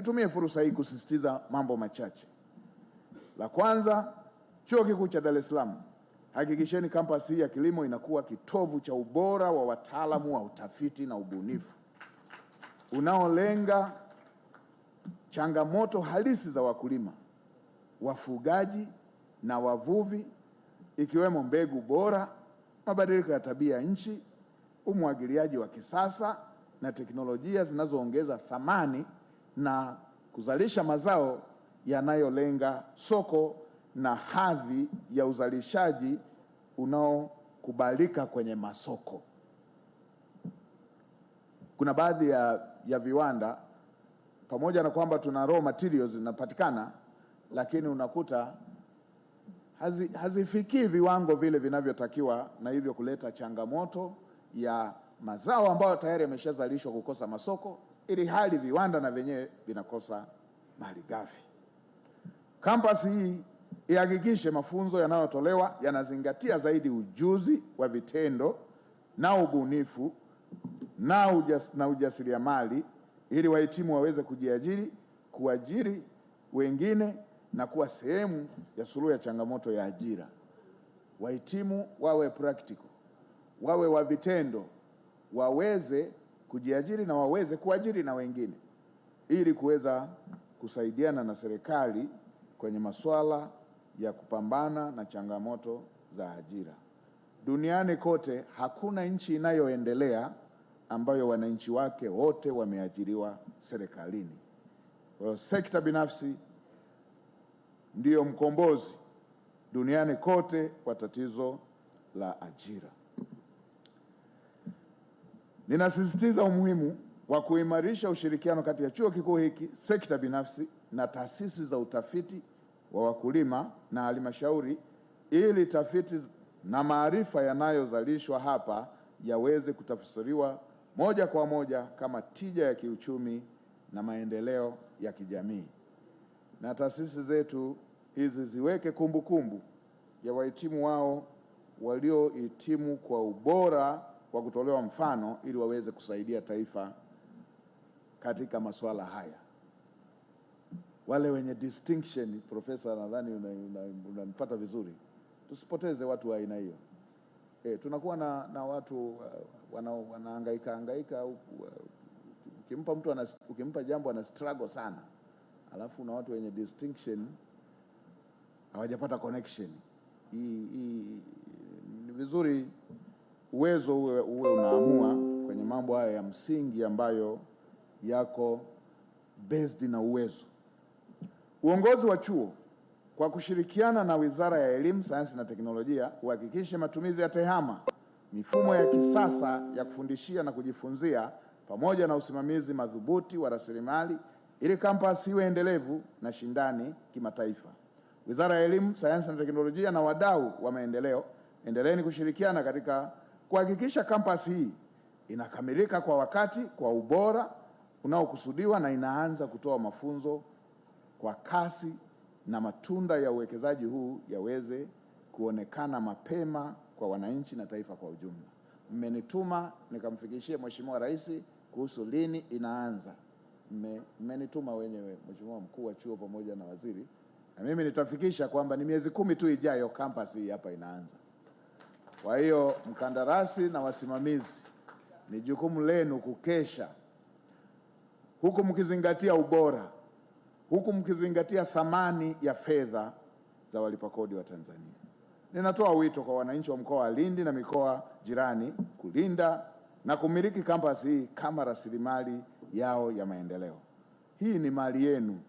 Nitumie fursa hii kusisitiza mambo machache. La kwanza, Chuo Kikuu cha Dar es Salaam, hakikisheni kampasi hii ya kilimo inakuwa kitovu cha ubora wa wataalamu wa utafiti na ubunifu unaolenga changamoto halisi za wakulima, wafugaji na wavuvi, ikiwemo mbegu bora, mabadiliko ya tabia ya nchi, umwagiliaji wa kisasa na teknolojia zinazoongeza thamani na kuzalisha mazao yanayolenga soko na hadhi ya uzalishaji unaokubalika kwenye masoko. Kuna baadhi ya, ya viwanda pamoja na kwamba tuna raw materials zinapatikana, lakini unakuta hazi, hazifikii viwango vile vinavyotakiwa na hivyo kuleta changamoto ya mazao ambayo tayari yameshazalishwa kukosa masoko ili hali viwanda na vyenyewe vinakosa malighafi. Kampasi hii ihakikishe mafunzo yanayotolewa yanazingatia zaidi ujuzi wa vitendo na ubunifu na, ujas, na ujasiriamali ili wahitimu waweze kujiajiri, kuajiri wengine na kuwa sehemu ya suluhu ya changamoto ya ajira. Wahitimu wawe practical, wawe wa vitendo, waweze kujiajiri na waweze kuajiri na wengine ili kuweza kusaidiana na serikali kwenye masuala ya kupambana na changamoto za ajira. Duniani kote hakuna nchi inayoendelea ambayo wananchi wake wote wameajiriwa serikalini. Kwa hiyo sekta binafsi ndiyo mkombozi duniani kote kwa tatizo la ajira. Ninasisitiza umuhimu wa kuimarisha ushirikiano kati ya chuo kikuu hiki, sekta binafsi na taasisi za utafiti wa wakulima na halmashauri ili tafiti na maarifa yanayozalishwa hapa yaweze kutafsiriwa moja kwa moja kama tija ya kiuchumi na maendeleo ya kijamii. Na taasisi zetu hizi ziweke kumbukumbu kumbu ya wahitimu wao waliohitimu kwa ubora kwa kutolewa mfano ili waweze kusaidia taifa katika masuala haya. Wale wenye distinction, profesa, nadhani unanipata vizuri, tusipoteze watu wa aina hiyo. E, tunakuwa na, na watu uh, wana, wanahangaika Ukimpa mtu anas, ukimpa jambo ana struggle sana, alafu na watu wenye distinction hawajapata connection hii. Ni vizuri uwezo uwe, uwe unaamua kwenye mambo haya ya msingi ambayo yako based na uwezo. Uongozi wa chuo kwa kushirikiana na Wizara ya Elimu, Sayansi na Teknolojia uhakikishe matumizi ya TEHAMA, mifumo ya kisasa ya kufundishia na kujifunzia, pamoja na usimamizi madhubuti wa rasilimali ili kampasi iwe endelevu na shindani kimataifa. Wizara ya Elimu, Sayansi na Teknolojia na wadau wa maendeleo, endeleeni kushirikiana katika kuhakikisha kampasi hii inakamilika kwa wakati, kwa ubora unaokusudiwa na inaanza kutoa mafunzo kwa kasi na matunda ya uwekezaji huu yaweze kuonekana mapema kwa wananchi na taifa kwa ujumla. Mmenituma nikamfikishie Mheshimiwa Rais kuhusu lini inaanza. Mmenituma wenyewe Mheshimiwa mkuu wa chuo pamoja na waziri, na mimi nitafikisha kwamba ni miezi kumi tu ijayo kampasi hii hapa inaanza. Kwa hiyo mkandarasi na wasimamizi, ni jukumu lenu kukesha huku mkizingatia ubora, huku mkizingatia thamani ya fedha za walipa kodi wa Tanzania. Ninatoa wito kwa wananchi wa mkoa wa Lindi na mikoa jirani kulinda na kumiliki kampasi hii kama rasilimali yao ya maendeleo. Hii ni mali yenu.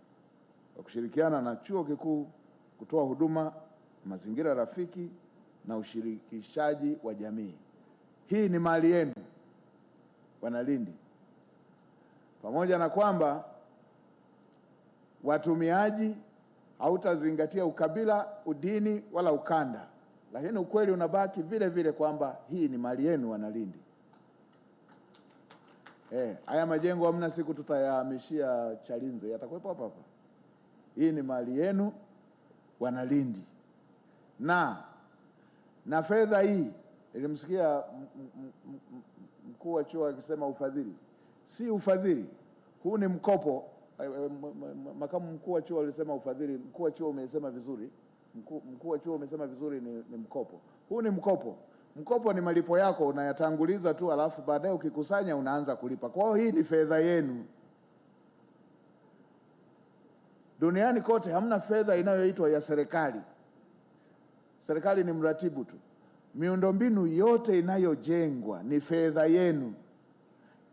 Kwa kushirikiana na chuo kikuu kutoa huduma mazingira rafiki na ushirikishaji wa jamii. Hii ni mali yenu Wanalindi, pamoja na kwamba watumiaji hautazingatia ukabila, udini wala ukanda, lakini ukweli unabaki vile vile kwamba hii ni mali yenu Wanalindi. Eh, haya majengo hamna siku tutayahamishia Chalinze, yatakuwepo hapa hapa. Hii ni mali yenu Wanalindi na na fedha hii, nilimsikia mkuu wa chuo akisema ufadhili. Si ufadhili, huu ni mkopo. Eh, eh, makamu mkuu wa chuo alisema ufadhili, mkuu wa chuo umesema vizuri, mkuu wa chuo umesema vizuri, ni, ni mkopo. Huu ni mkopo. Mkopo ni malipo yako unayatanguliza tu, alafu baadaye ukikusanya unaanza kulipa. Kwa hiyo hii ni fedha yenu. Duniani kote hamna fedha inayoitwa ya serikali serikali ni mratibu tu. Miundombinu yote inayojengwa ni fedha yenu,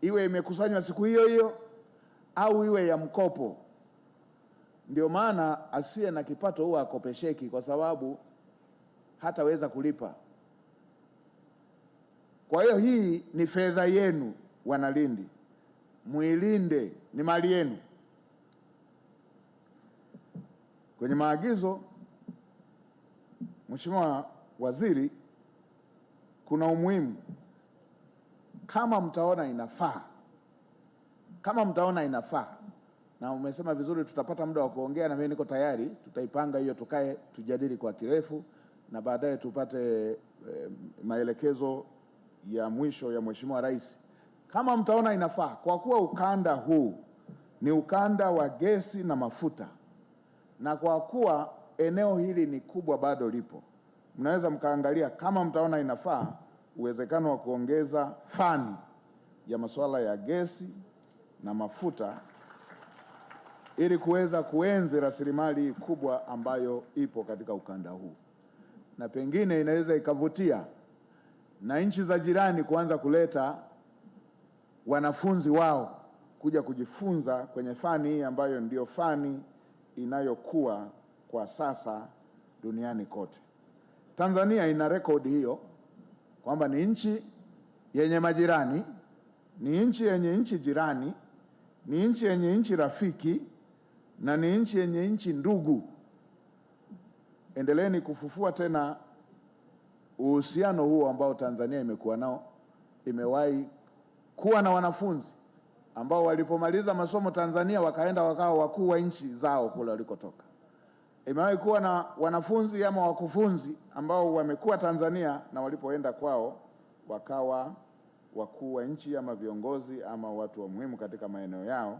iwe imekusanywa siku hiyo hiyo au iwe ya mkopo. Ndio maana asiye na kipato huwa akopesheki, kwa sababu hataweza kulipa. Kwa hiyo hii ni fedha yenu, Wanalindi, muilinde, ni mali yenu. Kwenye maagizo Mheshimiwa Waziri, kuna umuhimu kama mtaona inafaa, kama mtaona inafaa, na umesema vizuri, tutapata muda wa kuongea, na mimi niko tayari, tutaipanga hiyo, tukae tujadili kwa kirefu, na baadaye tupate e, maelekezo ya mwisho ya Mheshimiwa Rais kama mtaona inafaa, kwa kuwa ukanda huu ni ukanda wa gesi na mafuta, na kwa kuwa eneo hili ni kubwa bado lipo, mnaweza mkaangalia kama mtaona inafaa, uwezekano wa kuongeza fani ya masuala ya gesi na mafuta ili kuweza kuenzi rasilimali kubwa ambayo ipo katika ukanda huu, na pengine inaweza ikavutia na nchi za jirani kuanza kuleta wanafunzi wao kuja kujifunza kwenye fani hii ambayo ndiyo fani inayokuwa kwa sasa duniani kote. Tanzania ina rekodi hiyo kwamba ni nchi yenye majirani, ni nchi yenye nchi jirani, ni nchi yenye nchi rafiki na ni nchi yenye nchi ndugu. Endeleeni kufufua tena uhusiano huo ambao Tanzania imekuwa nao. Imewahi kuwa na wanafunzi ambao walipomaliza masomo Tanzania wakaenda wakawa wakuu wa nchi zao kule walikotoka. Imewahi kuwa na wanafunzi ama wakufunzi ambao wamekuwa Tanzania na walipoenda kwao wakawa wakuu wa nchi ama viongozi ama watu wa muhimu katika maeneo yao,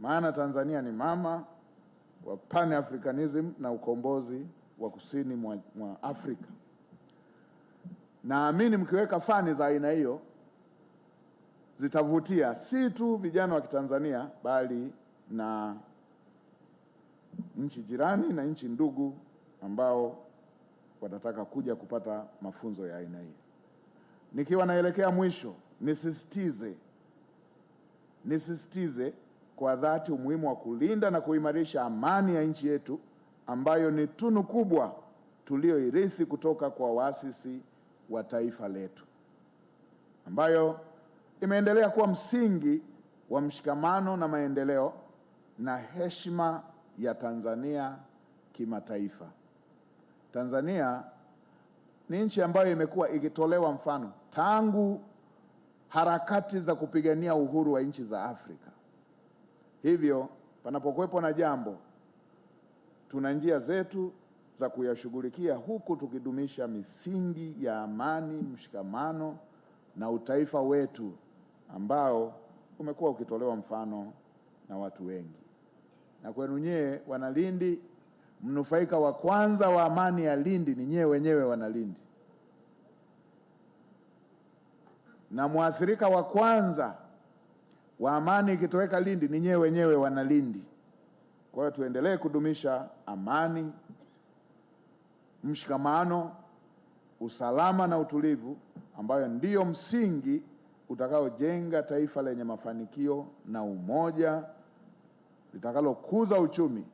maana Tanzania ni mama wa pan-Africanism na ukombozi wa kusini mwa, mwa Afrika. Naamini mkiweka fani za aina hiyo zitavutia si tu vijana wa Kitanzania bali na nchi jirani na nchi ndugu ambao watataka kuja kupata mafunzo ya aina hii. Nikiwa naelekea mwisho, nisisitize nisisitize kwa dhati umuhimu wa kulinda na kuimarisha amani ya nchi yetu ambayo ni tunu kubwa tuliyoirithi kutoka kwa waasisi wa taifa letu, ambayo imeendelea kuwa msingi wa mshikamano na maendeleo na heshima ya Tanzania kimataifa. Tanzania ni nchi ambayo imekuwa ikitolewa mfano tangu harakati za kupigania uhuru wa nchi za Afrika. Hivyo panapokuwepo na jambo, tuna njia zetu za kuyashughulikia huku tukidumisha misingi ya amani, mshikamano na utaifa wetu ambao umekuwa ukitolewa mfano na watu wengi na kwenu nyewe Wanalindi, mnufaika wa kwanza wa amani ya Lindi ni nyewe wenyewe Wanalindi, na mwathirika wa kwanza wa amani ikitoweka Lindi ni nyewe wenyewe Wanalindi. Kwa hiyo tuendelee kudumisha amani, mshikamano, usalama na utulivu, ambayo ndiyo msingi utakaojenga taifa lenye mafanikio na umoja litakalokuza uchumi